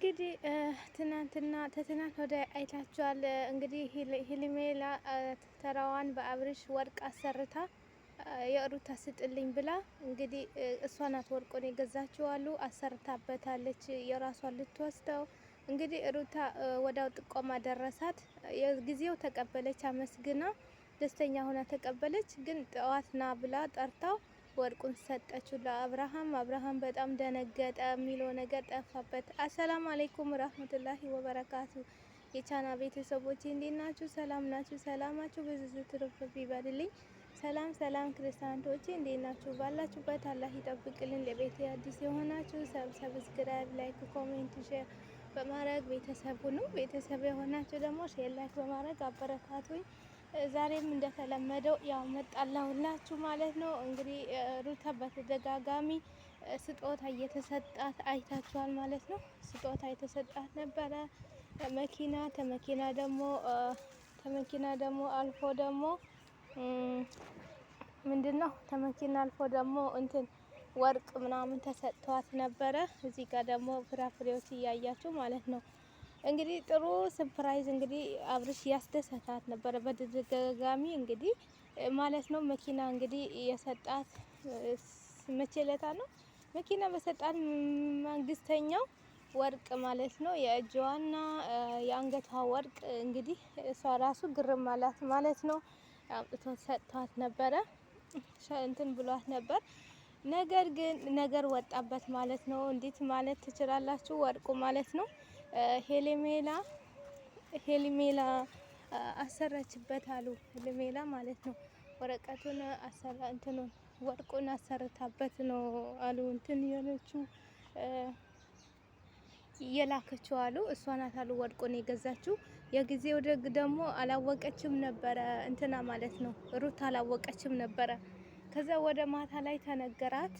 እንግዲህ ትናንትና ተትናንት ወደ አይታችኋል። እንግዲህ ሄሊሜላ ተራዋን በአብርሽ ወርቅ አሰርታ የሩታ ስጥልኝ ብላ እንግዲህ እሷ ናት ወርቆን አሰርታበታለች። የራሷ ልትወስደው እንግዲህ ሩታ ወዳው ጥቆማ ደረሳት። ጊዜው ተቀበለች፣ አመስግና ደስተኛ ሆና ተቀበለች። ግን ጠዋት ና ብላ ጠርታው ወርቁን ሰጠችው ለአብርሃም። አብርሃም በጣም ደነገጠ፣ የሚለው ነገር ጠፋበት። አሰላሙ አሌይኩም ረህመቱላሂ ወበረካቱ። የቻና ቤተሰቦች እንዴት ናችሁ? ሰላም ናችሁ? ሰላማችሁ ብዙ ትርፍርፍ ይበልልኝ። ሰላም ሰላም ክርስቲያኖቼ እንዴት ናችሁ? ባላችሁበት አላህ ይጠብቅልን። ለቤት አዲስ የሆናችሁ ሰብስክራይብ፣ ላይክ፣ ኮሜንት፣ ሼር በማድረግ ቤተሰቡ ነው ቤተሰብ የሆናችሁ ደግሞ ሼር ላይክ በማድረግ አበረታቱኝ። ዛሬም እንደተለመደው ያው መጣላሁላችሁ ማለት ነው። እንግዲህ ሩታ በተደጋጋሚ ስጦታ እየተሰጣት አይታችኋል ማለት ነው። ስጦታ የተሰጣት ነበረ መኪና፣ ተመኪና ደግሞ ተመኪና ደግሞ አልፎ ደግሞ ምንድን ነው ተመኪና አልፎ ደግሞ እንትን ወርቅ ምናምን ተሰጥቷት ነበረ። እዚህ ጋር ደግሞ ፍራፍሬዎች እያያችሁ ማለት ነው። እንግዲህ ጥሩ ስፕራይዝ እንግዲህ አብርሽ ያስደሰታት ነበረ። በተደጋጋሚ እንግዲህ ማለት ነው መኪና እንግዲህ የሰጣት መቼለታ ነው መኪና በሰጣት መንግስተኛው ወርቅ ማለት ነው የእጅዋና የአንገቷ ወርቅ እንግዲህ እሷ ራሱ ግርም አላት ማለት ነው። አምጥቶ ሰጥቷት ነበረ እንትን ብሏት ነበር። ነገር ግን ነገር ወጣበት ማለት ነው። እንዴት ማለት ትችላላችሁ? ወርቁ ማለት ነው ሄሌሜላ ሄሊሜላ አሰራችበት አሉ። ሄሊሜላ ማለት ነው ወረቀቱን አሰራ እንትኑን ወርቁን አሰርታበት ነው አሉ እንትን ያለችው የላከችው አሉ። እሷ ናት አሉ ወርቁን የገዛችው። የጊዜው ደግ ደግሞ አላወቀችም ነበረ እንትና ማለት ነው ሩት አላወቀችም ነበረ። ከዛ ወደ ማታ ላይ ተነገራት።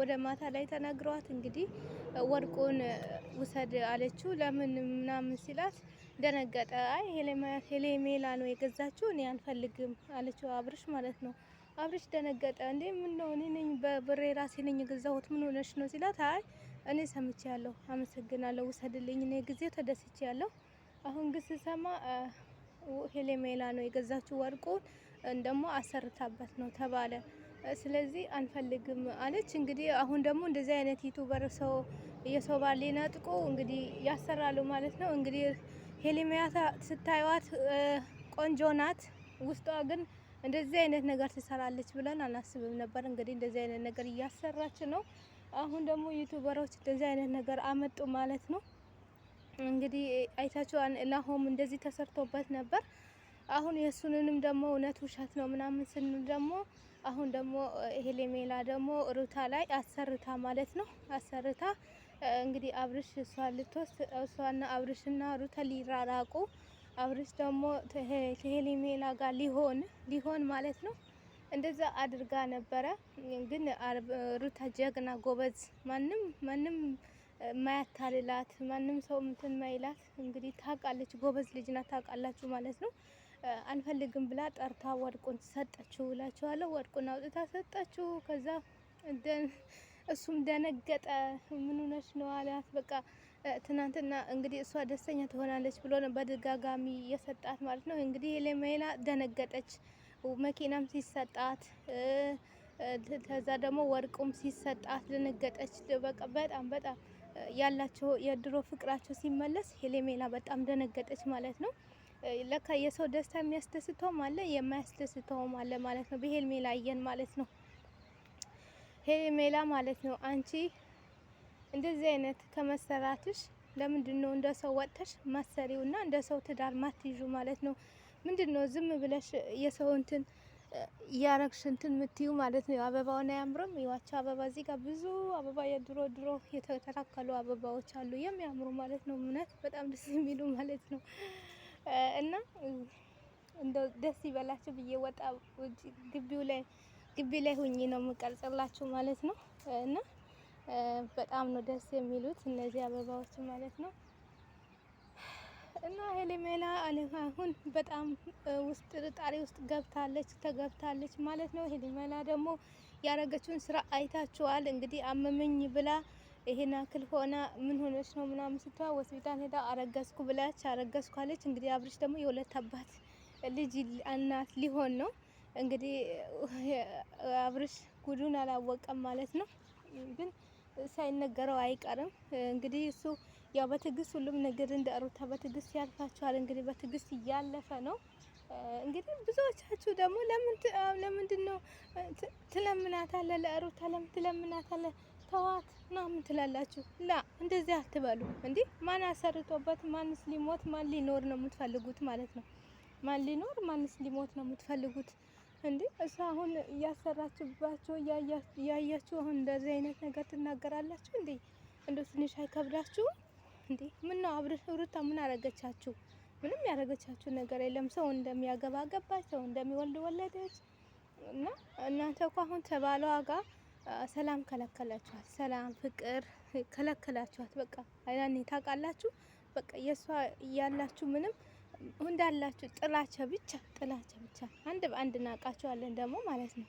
ወደ ማታ ላይ ተነግሯት እንግዲህ ወርቁን ውሰድ አለችው። ለምን ምናምን ሲላት ደነገጠ። አይ ሄሌሜላ ነው የገዛችው እኔ አልፈልግም አለችው፣ አብርሽ ማለት ነው። አብርሽ ደነገጠ። እንዴ ምን ነው እኔ ነኝ በብሬ ራሴ ነኝ የገዛሁት ምን ሆነሽ ነው ሲላት፣ አይ እኔ ሰምቼ ያለሁ አመሰግናለሁ፣ ውሰድልኝ፣ እኔ ጊዜ ተደስቼ ያለሁ። አሁን ግን ስሰማ ሄሌሜላ ነው የገዛችው ወርቁን ደግሞ አሰርታበት ነው ተባለ። ስለዚህ አንፈልግም አለች። እንግዲህ አሁን ደግሞ እንደዚህ አይነት ዩቱበር ሰው የሰው ባሌ ነጥቆ እንግዲህ ያሰራሉ ማለት ነው። እንግዲህ ሄሊሚያታ ስታዩዋት ቆንጆ ናት፣ ውስጧ ግን እንደዚህ አይነት ነገር ትሰራለች ብለን አናስብም ነበር። እንግዲህ እንደዚህ አይነት ነገር እያሰራች ነው። አሁን ደግሞ ዩቱበሮች እንደዚህ አይነት ነገር አመጡ ማለት ነው። እንግዲህ አይታችሁ ናሆም እንደዚህ ተሰርቶበት ነበር። አሁን የእሱንንም ደግሞ እውነት ውሸት ነው ምናምን ስንል ደግሞ አሁን ደግሞ ሄሌሜላ ደግሞ ሩታ ላይ አሰርታ ማለት ነው አሰርታ እንግዲህ አብርሽ እሷ ልትወስድ እሷና አብርሽና ሩታ ሊራራቁ አብርሽ ደግሞ ሄሌሜላ ጋር ሊሆን ሊሆን ማለት ነው እንደዛ አድርጋ ነበረ። ግን ሩታ ጀግና ጎበዝ፣ ማንም ማንም ማያታልላት ማንም ሰው እንትን ማይላት እንግዲህ ታውቃለች። ጎበዝ ልጅና ታውቃላችሁ ማለት ነው። አንፈልግም ብላ ጠርታ ወርቁን ሰጠችው እላችኋለሁ። ወርቁን አውጥታ ሰጠችው። ከዛ እሱም ደነገጠ። ምን ሆነች ነው አላት። በቃ ትናንትና እንግዲህ እሷ ደስተኛ ትሆናለች ብሎ ነው በድጋጋሚ የሰጣት ማለት ነው። እንግዲህ ሄለሜላ ደነገጠች። መኪናም ሲሰጣት ከዛ ደግሞ ወርቁም ሲሰጣት ደነገጠች። በቃ በጣም በጣም ያላቸው የድሮ ፍቅራቸው ሲመለስ ሄለሜላ በጣም ደነገጠች ማለት ነው። ለካ የሰው ደስታ የሚያስደስተውም አለ የማያስደስተውም አለ ማለት ነው። በሄልሜላ አየን ማለት ነው። ሜላ ማለት ነው አንቺ እንደዚህ አይነት ከመሰራትሽ ለምንድን ነው እንደ ሰው ወጥተሽ ማሰሪው እና እንደ ሰው ትዳር ማትይዙ ማለት ነው? ምንድን ነው ዝም ብለሽ የሰው እንትን እያረግሽ እንትን ምትዩ ማለት ነው። አበባውን አያምርም? ይዋቸው አበባ እዚህ ጋር ብዙ አበባ የድሮ ድሮ የተተካከሉ አበባዎች አሉ የሚያምሩ ማለት ነው። እምነት በጣም ደስ የሚሉ ማለት ነው። እና እንደው ደስ ይበላችሁ ብዬ ወጣ ግቢው ላይ ግቢ ላይ ሁኜ ነው የምቀርጽላችሁ ማለት ነው። እና በጣም ነው ደስ የሚሉት እነዚህ አበባዎች ማለት ነው። እና ሄሊሜላ አሁን በጣም ውስጥ ጥርጣሬ ውስጥ ገብታለች ተገብታለች ማለት ነው። ሄሊሜላ ደግሞ ያረገችውን ስራ አይታችኋል እንግዲህ አመመኝ ብላ ይሄን አክል ምን ሆነች ነው ምናምን ስትዋ ሆስፒታል ሄዳ አረገዝኩ ብላች አረገዝኩ አለች። እንግዲህ አብርሽ ደግሞ የሁለት አባት ልጅ እናት ሊሆን ነው እንግዲህ አብርሽ ጉዱን አላወቀም ማለት ነው። ግን ሳይነገረው አይቀርም እንግዲህ እሱ ያው በትዕግስት ሁሉም ነገር እንደ ሩታ በትዕግስት ያልፋችኋል። እንግዲህ በትዕግስት እያለፈ ነው። እንግዲህ ብዙዎቻችሁ ደግሞ ለምንድን ነው ትለምናታለ ለሩታ ለምን ትለምናታለ ተዋት ምናምን ትላላችሁ። ላ እንደዚህ አትበሉ። እንዲህ ማን አሰርቶበት ማንስ ሊሞት ማን ሊኖር ነው የምትፈልጉት ማለት ነው። ማን ሊኖር ማንስ ሊሞት ነው የምትፈልጉት? እንዲህ እሱ አሁን እያሰራችባቸው እያያችሁ አሁን እንደዚህ አይነት ነገር ትናገራላችሁ እንዴ? እንደ ትንሽ አይከብዳችሁ እንዴ? ምን ነው አብረሽ ሩታ ምን አረገቻችሁ? ምንም ያደረገቻችሁ ነገር የለም። ሰው እንደሚያገባ ገባች፣ ሰው እንደሚወልድ ወለደች። እና እናንተ እኮ አሁን ተባለዋ ጋር ሰላም ከለከላችኋት፣ ሰላም ፍቅር ከለከላችኋት። በቃ ያኔ ታውቃላችሁ፣ በቃ የእሷ እያላችሁ ምንም እንዳላችሁ ጥላቻ ብቻ ጥላቻ ብቻ አንድ በአንድ እናውቃችኋለን ደግሞ ማለት ነው።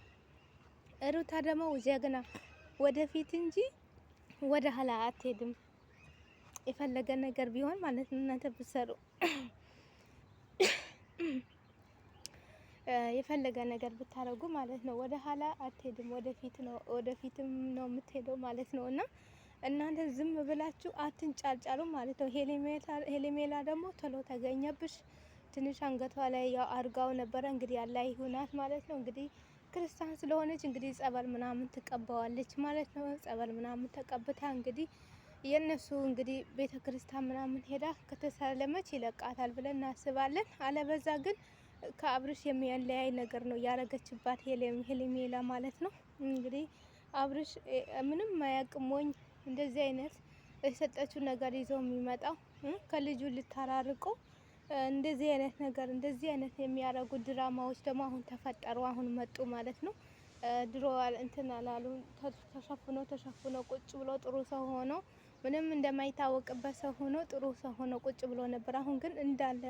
ሩታ ደግሞ ጀግና ወደፊት እንጂ ወደ ኋላ አትሄድም። የፈለገ ነገር ቢሆን ማለት ነው እናንተ ብትሰሩ የፈለገ ነገር ብታደርጉ ማለት ነው ወደ ኋላ አትሄድም፣ ወደፊት ነው ወደፊትም ነው የምትሄደው ማለት ነው። እና እናንተ ዝም ብላችሁ አትንጫጫሉ ማለት ነው። ሄሌሜላ ደግሞ ቶሎ ተገኘብሽ። ትንሽ አንገቷ ላይ ያው አርጋው ነበረ እንግዲህ ያላ ይሁናት ማለት ነው። እንግዲህ ክርስቲያን ስለሆነች እንግዲህ ጸበል ምናምን ትቀባዋለች ማለት ነው። ጸበል ምናምን ተቀብታ እንግዲህ የእነሱ እንግዲህ ቤተ ክርስቲያን ምናምን ሄዳ ከተሳለመች ይለቃታል ብለን እናስባለን። አለበዛ ግን ከአብርሽ የሚያለያይ ነገር ነው ያረገችባት ሄሊሜላ ማለት ነው። እንግዲህ አብርሽ ምንም ማያቅሞኝ እንደዚህ አይነት የሰጠችው ነገር ይዘው የሚመጣው ከልጁ ልታራርቆ እንደዚህ አይነት ነገር እንደዚህ አይነት የሚያረጉ ድራማዎች ደግሞ አሁን ተፈጠሩ፣ አሁን መጡ ማለት ነው። ድሮ እንትን አላሉ ተሸፍኖ ተሸፍኖ ቁጭ ብሎ ጥሩ ሰው ሆኖ ምንም እንደማይታወቅበት ሰው ሆኖ ጥሩ ሰው ሆኖ ቁጭ ብሎ ነበር። አሁን ግን እንዳለ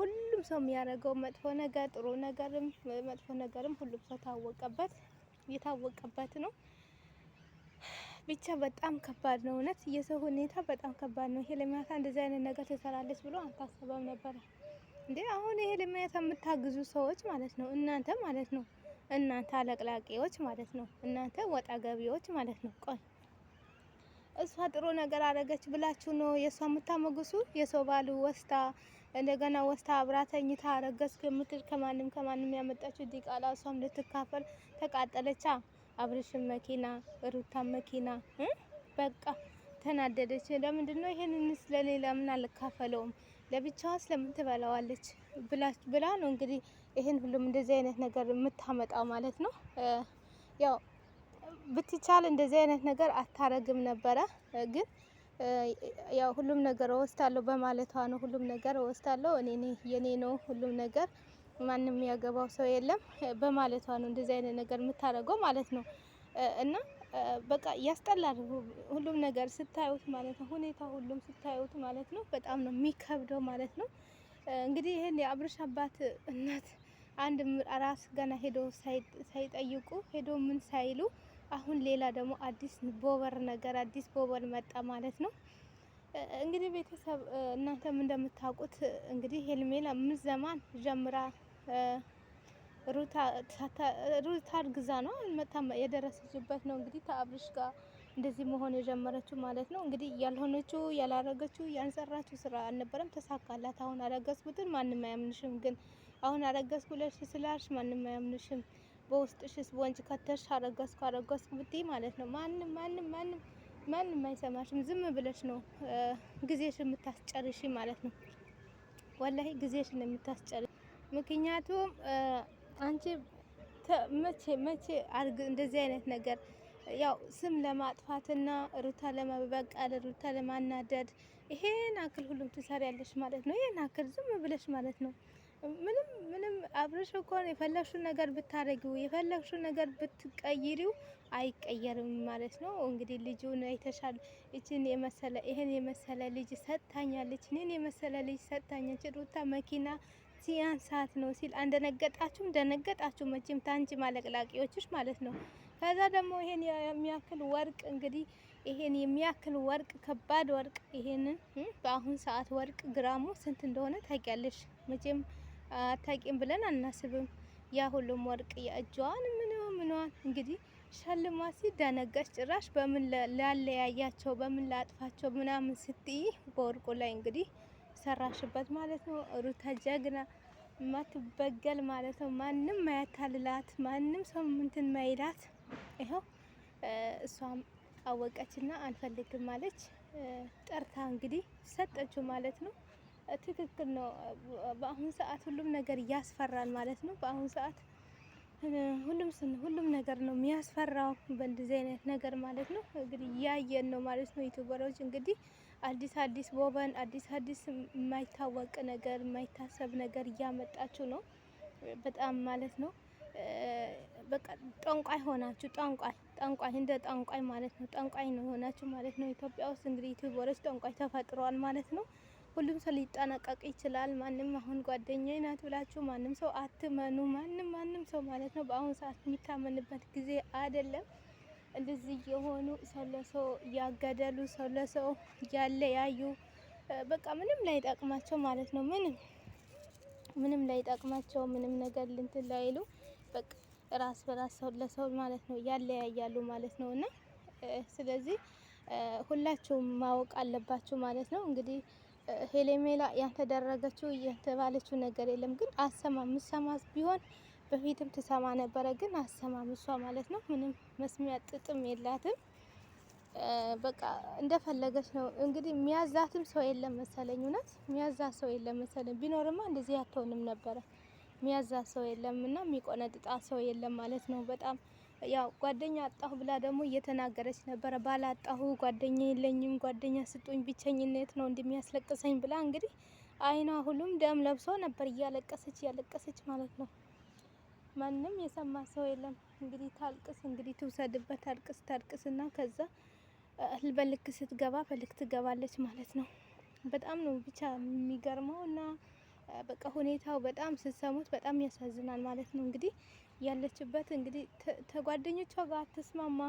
ሁሉም ሰው የሚያደርገው መጥፎ ነገር ጥሩ ነገርም መጥፎ ነገርም ሁሉም ሰው ታወቀበት የታወቀበት ነው። ብቻ በጣም ከባድ ነው። እውነት የሰው ሁኔታ በጣም ከባድ ነው። ሄለሚያታ እንደዚህ አይነት ነገር ትሰራለች ብሎ አልታሰበም ነበረ እንዴ! አሁን ሄለሚያታ የምታግዙ ሰዎች ማለት ነው እናንተ ማለት ነው እናንተ አለቅላቂዎች ማለት ነው እናንተ ወጣ ገቢዎች ማለት ነው። ቆይ እሷ ጥሩ ነገር አረገች ብላችሁ ነው የእሷ የምታመግሱ? የሰው ባል ወስታ እንደገና ወስታ አብራ ተኝታ አረገዝኩ የምትል ከማንም ከማንም ያመጣችው ዲቃላ እሷም ልትካፈል ተቃጠለቻ። አብርሽም መኪና ሩታ መኪና በቃ ተናደደች። ለምንድን ነው ይሄንንስ ለሌላ ምን አልካፈለውም ለብቻዋ ስለምን ትበላዋለች ብላ ነው እንግዲህ ይሄን ሁሉም እንደዚህ አይነት ነገር የምታመጣው ማለት ነው። ያው ብትቻል እንደዚህ አይነት ነገር አታረግም ነበረ ግን ያው ሁሉም ነገር እወስዳለሁ በማለቷ ነው። ሁሉም ነገር እወስዳለሁ እኔ የኔ ነው ሁሉም ነገር ማንም ያገባው ሰው የለም በማለቷ ነው እንደዚህ አይነት ነገር የምታደርገው ማለት ነው። እና በቃ ያስጠላል። ሁሉም ነገር ስታዩት ማለት ነው፣ ሁኔታ ሁሉም ስታዩት ማለት ነው። በጣም ነው የሚከብደው ማለት ነው። እንግዲህ ይህን የአብርሽ አባት እናት አንድ ራስ ገና ሄዶ ሳይጠይቁ ሄዶ ምን ሳይሉ አሁን ሌላ ደግሞ አዲስ ቦበር ነገር አዲስ ቦበር መጣ ማለት ነው። እንግዲህ ቤተሰብ እናንተም እንደምታውቁት እንግዲህ ሄልሜላ ምን ዘማን ጀምራ ሩታ እርግዛ ነው የደረሰችበት ነው። እንግዲህ ከአብርሽ ጋር እንደዚህ መሆን የጀመረችው ማለት ነው። እንግዲህ ያልሆነችው ያላረገችው ያንሰራችው ስራ አልነበረም፣ ተሳካላት። አሁን አረገዝኩትን ማንም አያምንሽም፣ ግን አሁን አረገዝኩ ስላልሽ ማንም አያምንሽም በውስጥሽስ ወንጅ ከተሽ አረገዝኩ አረገዝኩ ብትይ ማለት ነው ማንም ማንም ማንም ማንም አይሰማሽም። ዝም ብለሽ ነው ጊዜሽ የምታስጨርሽ ማለት ነው። ወላሂ ጊዜሽ ነው የምታስጨርሽ። ምክንያቱም አንቺ መቼ መቼ አርግ እንደዚህ አይነት ነገር ያው ስም ለማጥፋትና ሩታ ለመበቀል ሩታ ለማናደድ ይሄን አክል ሁሉም ትሰሪያለሽ ማለት ነው። ይሄን አክል ዝም ብለሽ ማለት ነው ምንም ምንም አብረሽ እኮ የፈለግሽውን ነገር ብታደርጊው የፈለግሽውን ነገር ብትቀይሪው አይቀየርም ማለት ነው። እንግዲህ ልጁን አይተሻል። እችን የመሰለ ይሄን የመሰለ ልጅ ሰጥታኛለች፣ እኔን የመሰለ ልጅ ሰጥታኛለች። ሩታ መኪና ሲያን ሰዓት ነው ሲል አንደነገጣችሁም ደነገጣችሁ። መቼም ታንጂ ማለቅላቂዎችሽ ማለት ነው። ከዛ ደግሞ ይሄን የሚያክል ወርቅ እንግዲህ ይሄን የሚያክል ወርቅ ከባድ ወርቅ ይሄንን በአሁን ሰዓት ወርቅ ግራሙ ስንት እንደሆነ ታውቂያለሽ መቼም አታቂም ብለን አናስብም። ያ ሁሉም ወርቅ የእጇን ምን ምኗን እንግዲህ ሸልማ ሲደነገች ጭራሽ በምን ላለያያቸው በምን ላጥፋቸው ምናምን ስትይ በወርቁ ላይ እንግዲህ ሰራሽበት ማለት ነው። ሩታ ጀግና ማትበገል ማለት ነው። ማንም ማያታልላት ማንም ሰው ምንትን ማይላት ይኸው እሷም አወቀችና አልፈልግም ማለች። ጠርታ እንግዲህ ሰጠችው ማለት ነው። ትክክል ነው። በአሁኑ ሰዓት ሁሉም ነገር እያስፈራን ማለት ነው። በአሁኑ ሰዓት ሁሉም ሁሉም ነገር ነው የሚያስፈራው በእንደዚህ አይነት ነገር ማለት ነው። እንግዲህ እያየን ነው ማለት ነው። ዩቱበሮች እንግዲህ አዲስ አዲስ ቦበን አዲስ አዲስ የማይታወቅ ነገር የማይታሰብ ነገር እያመጣችሁ ነው በጣም ማለት ነው። በቃ ጠንቋይ ሆናችሁ ጠንቋይ ጠንቋይ እንደ ጠንቋይ ማለት ነው። ጠንቋይ ነው ሆናችሁ ማለት ነው። ኢትዮጵያ ውስጥ እንግዲህ ዩቱበሮች ጠንቋይ ተፈጥሯል ማለት ነው። ሁሉም ሰው ሊጠነቀቅ ይችላል። ማንም አሁን ጓደኛ ናት ብላችሁ ማንም ሰው አትመኑ። ማንም ማንም ሰው ማለት ነው በአሁኑ ሰዓት የሚታመንበት ጊዜ አይደለም። እንደዚህ የሆኑ ሰው ለሰው እያገደሉ ሰው ለሰው እያለያዩ በቃ ምንም ላይ ማለት ነው ምንም ምንም ላይ ጠቅማቸው ምንም ነገር ልንትን ላይሉ በቃ ራስ በራስ ሰው ለሰው ማለት ነው ያለያያሉ ማለት ነው። እና ስለዚህ ሁላችሁም ማወቅ አለባችሁ ማለት ነው እንግዲህ ሄሌሜላ ያልተደረገችው የተባለችው ነገር የለም። ግን አሰማ ምሰማ ቢሆን በፊትም ትሰማ ነበረ። ግን አሰማም እሷ ማለት ነው። ምንም መስሚያ ጥጥም የላትም። በቃ እንደፈለገች ነው እንግዲህ። የሚያዛትም ሰው የለም መሰለኝ። እውነት የሚያዛት ሰው የለም መሰለኝ። ቢኖርማ እንደዚህ አትሆንም ነበረ። የሚያዛት ሰው የለም እና የሚቆነጥጣ ሰው የለም ማለት ነው በጣም ያው ጓደኛ አጣሁ ብላ ደግሞ እየተናገረች ነበረ። ባላጣሁ ጓደኛ የለኝም፣ ጓደኛ ስጡኝ፣ ብቸኝነት ነው እንደሚያስለቅሰኝ ብላ እንግዲህ አይኗ ሁሉም ደም ለብሶ ነበር፣ እያለቀሰች እያለቀሰች ማለት ነው። ማንም የሰማ ሰው የለም። እንግዲህ ታልቅስ፣ እንግዲህ ትውሰድበት፣ ታልቅስ ታልቅስ እና ከዛ በልክ ስትገባ በልክ ትገባለች ማለት ነው። በጣም ነው ብቻ የሚገርመው እና በቃ ሁኔታው በጣም ስትሰሙት በጣም ያሳዝናል ማለት ነው እንግዲህ ያለችበት እንግዲህ ተጓደኞቿ ጋር አትስማማ፣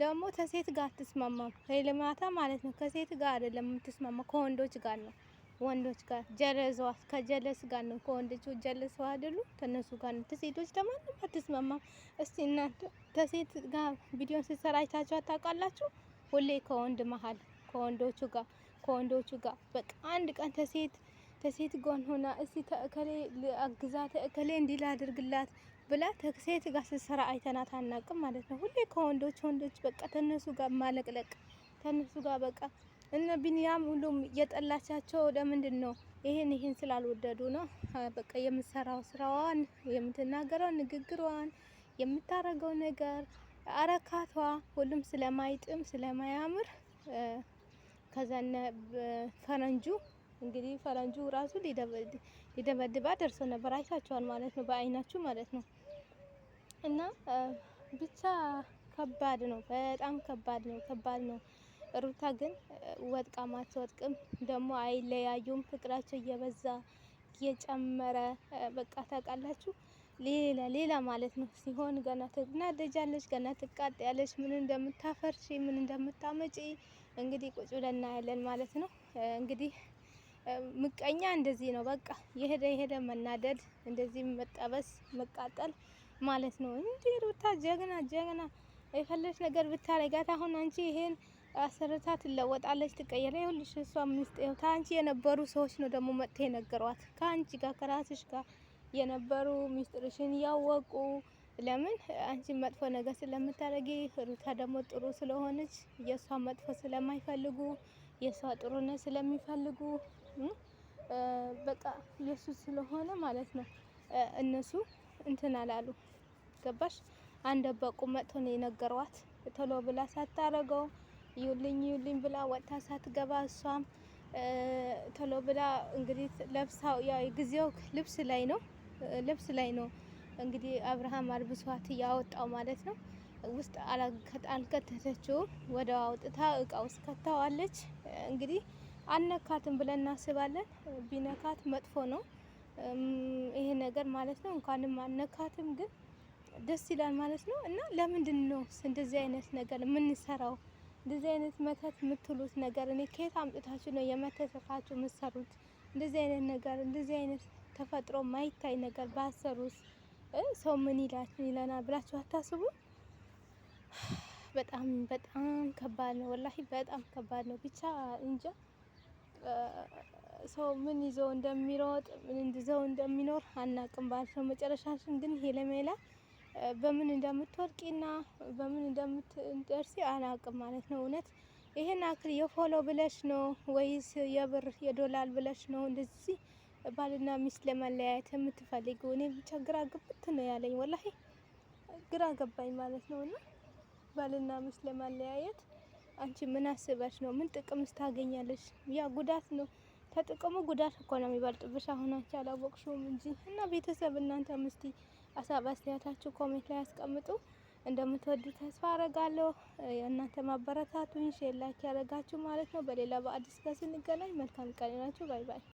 ደግሞ ተሴት ጋር አትስማማ። ሄልማታ ማለት ነው። ከሴት ጋር አይደለም የምትስማማ ከወንዶች ጋር ነው። ወንዶች ጋር ጀለዟ ከጀለስ ጋር ነው። ከወንዶቹ ጀለስ አይደሉ ተነሱ ጋር ነው። ተሴቶች ለማንም አትስማማ። እስቲ እናንተ ተሴት ጋር ቪዲዮን ስትሰራ አይታችሁ ታውቃላችሁ? ሁሌ ከወንድ መሀል ከወንዶቹ ጋር ከወንዶቹ ጋር በቃ አንድ ቀን ተሴት ተሴት ጎን ሆና እስቲ ከእከሌ አግዛት እከሌ እንዲላ አድርግላት ብላ ከሴት ጋር ስትሰራ አይተናት አናቅም ማለት ነው። ሁሌ ከወንዶች ወንዶች በቃ ተነሱ ጋር ማለቅለቅ ከነሱ ጋር በቃ እነ ቢንያም ሁሉም እየጠላቻቸው ለምንድን ነው? ይህን ይህን ስላልወደዱ ነው። በቃ የምትሰራው ስራዋን፣ የምትናገረው ንግግሯን፣ የምታረገው ነገር አረካቷ ሁሉም ስለማይጥም ስለማያምር ከዛነ ፈረንጁ እንግዲህ ፈረንጁ ራሱ ሊደበድባ ደርሶ ነበር። አይታችኋል ማለት ነው፣ በአይናችሁ ማለት ነው። እና ብቻ ከባድ ነው፣ በጣም ከባድ ነው፣ ከባድ ነው። ሩታ ግን ወጥቃ ማትወድቅም ደግሞ አይለያዩም። ፍቅራቸው እየበዛ እየጨመረ በቃ ታውቃላችሁ፣ ሌላ ሌላ ማለት ነው ሲሆን ገና ትናደጃለች፣ ገና ትቃጠያለች። ምን እንደምታፈርሽ ምን እንደምታመጪ እንግዲህ ቁጭ ብለን እናያለን ማለት ነው። እንግዲህ ምቀኛ እንደዚህ ነው። በቃ የሄደ የሄደ መናደድ፣ እንደዚህ መጠበስ፣ መቃጠል ማለት ነው። እንጂ ሩታ ጀግና ጀግና የፈለች ነገር ብታረጋት አሁን አንቺ ይሄን አሰርታ ትለወጣለች፣ ትቀየረ ይሁንሽ። እሷ ሚስጥ ከአንቺ የነበሩ ሰዎች ነው ደግሞ መጥተው የነገሯት ከአንቺ ጋር ከራስሽ ጋር የነበሩ ሚስጥርሽን ያወቁ። ለምን አንቺ መጥፎ ነገር ስለምታደርጊ፣ ሩታ ደግሞ ጥሩ ስለሆነች የእሷ መጥፎ ስለማይፈልጉ የእሷ ጥሩነት ስለሚፈልጉ በቃ የእሱ ስለሆነ ማለት ነው እነሱ እንትን አላሉ ገባሽ? አንድ አንደበቁ መጥቶ ነው የነገሯት። ቶሎ ብላ ሳታረገው ይውልኝ ይውልኝ ብላ ወጥታ ሳትገባ እሷም ቶሎ ብላ እንግዲህ ለብሳው ያው የጊዜው ልብስ ላይ ነው ልብስ ላይ ነው እንግዲህ አብርሃም አልብሷት እያወጣው ማለት ነው። ውስጥ አልከተተችውም። ወደ አውጥታ እቃ ውስጥ ከተዋለች። እንግዲህ አነካትም ብለን እናስባለን። ቢነካት መጥፎ ነው። ይሄ ነገር ማለት ነው። እንኳንም አነካትም ግን ደስ ይላል ማለት ነው። እና ለምንድን ነው እንደዚህ አይነት ነገር የምንሰራው? እንደዚህ አይነት መተት የምትሉት ነገር እኔ ከየት አምጥታችሁ ነው የመተተታችሁ የምትሰሩት? እንደዚህ አይነት ነገር እንደዚህ አይነት ተፈጥሮ ማይታይ ነገር ባሰሩት ሰው ምን ይለናል ብላችሁ አታስቡ። በጣም በጣም ከባድ ነው፣ ወላሂ በጣም ከባድ ነው። ብቻ እንጃ ሰው ምን ይዞ እንደሚሮጥ ምን ይዘው እንደሚኖር አናቅም። ባልሰው መጨረሻችን ግን ሄለሜላ በምን እንደምትወድቂና በምን እንደምትደርሲ አናቅም ማለት ነው። እውነት ይሄን አክል የፎሎ ብለሽ ነው ወይስ የብር የዶላር ብለሽ ነው እንደዚህ ባልና ሚስት ለመለያየት የምትፈልጊው? እኔ ብቻ ግራ ግብት ነው ያለኝ ወላሂ ግራ ገባኝ ማለት ነው። እና ባልና ሚስት ለመለያየት አንቺ ምን አስበሽ ነው? ምን ጥቅም ስታገኛለሽ? ያ ጉዳት ነው። ከጥቅሙ ጉዳት እኮ ነው የሚበልጥብሽ። አሁን አንቺ አላወቅሽውም እንጂ እና ቤተሰብ እናንተ ምስቲ ሀሳብ አስተያየታችሁ ኮሜንት ላይ አስቀምጡ። እንደምትወዱ ተስፋ አረጋለሁ። እናንተ ማበረታቱኝ ሼር ላይክ ያደረጋችሁ ማለት ነው። በሌላ በአዲስ ጋር ስንገናኝ መልካም ቀን ይሆናችሁ። ባይ ባይ።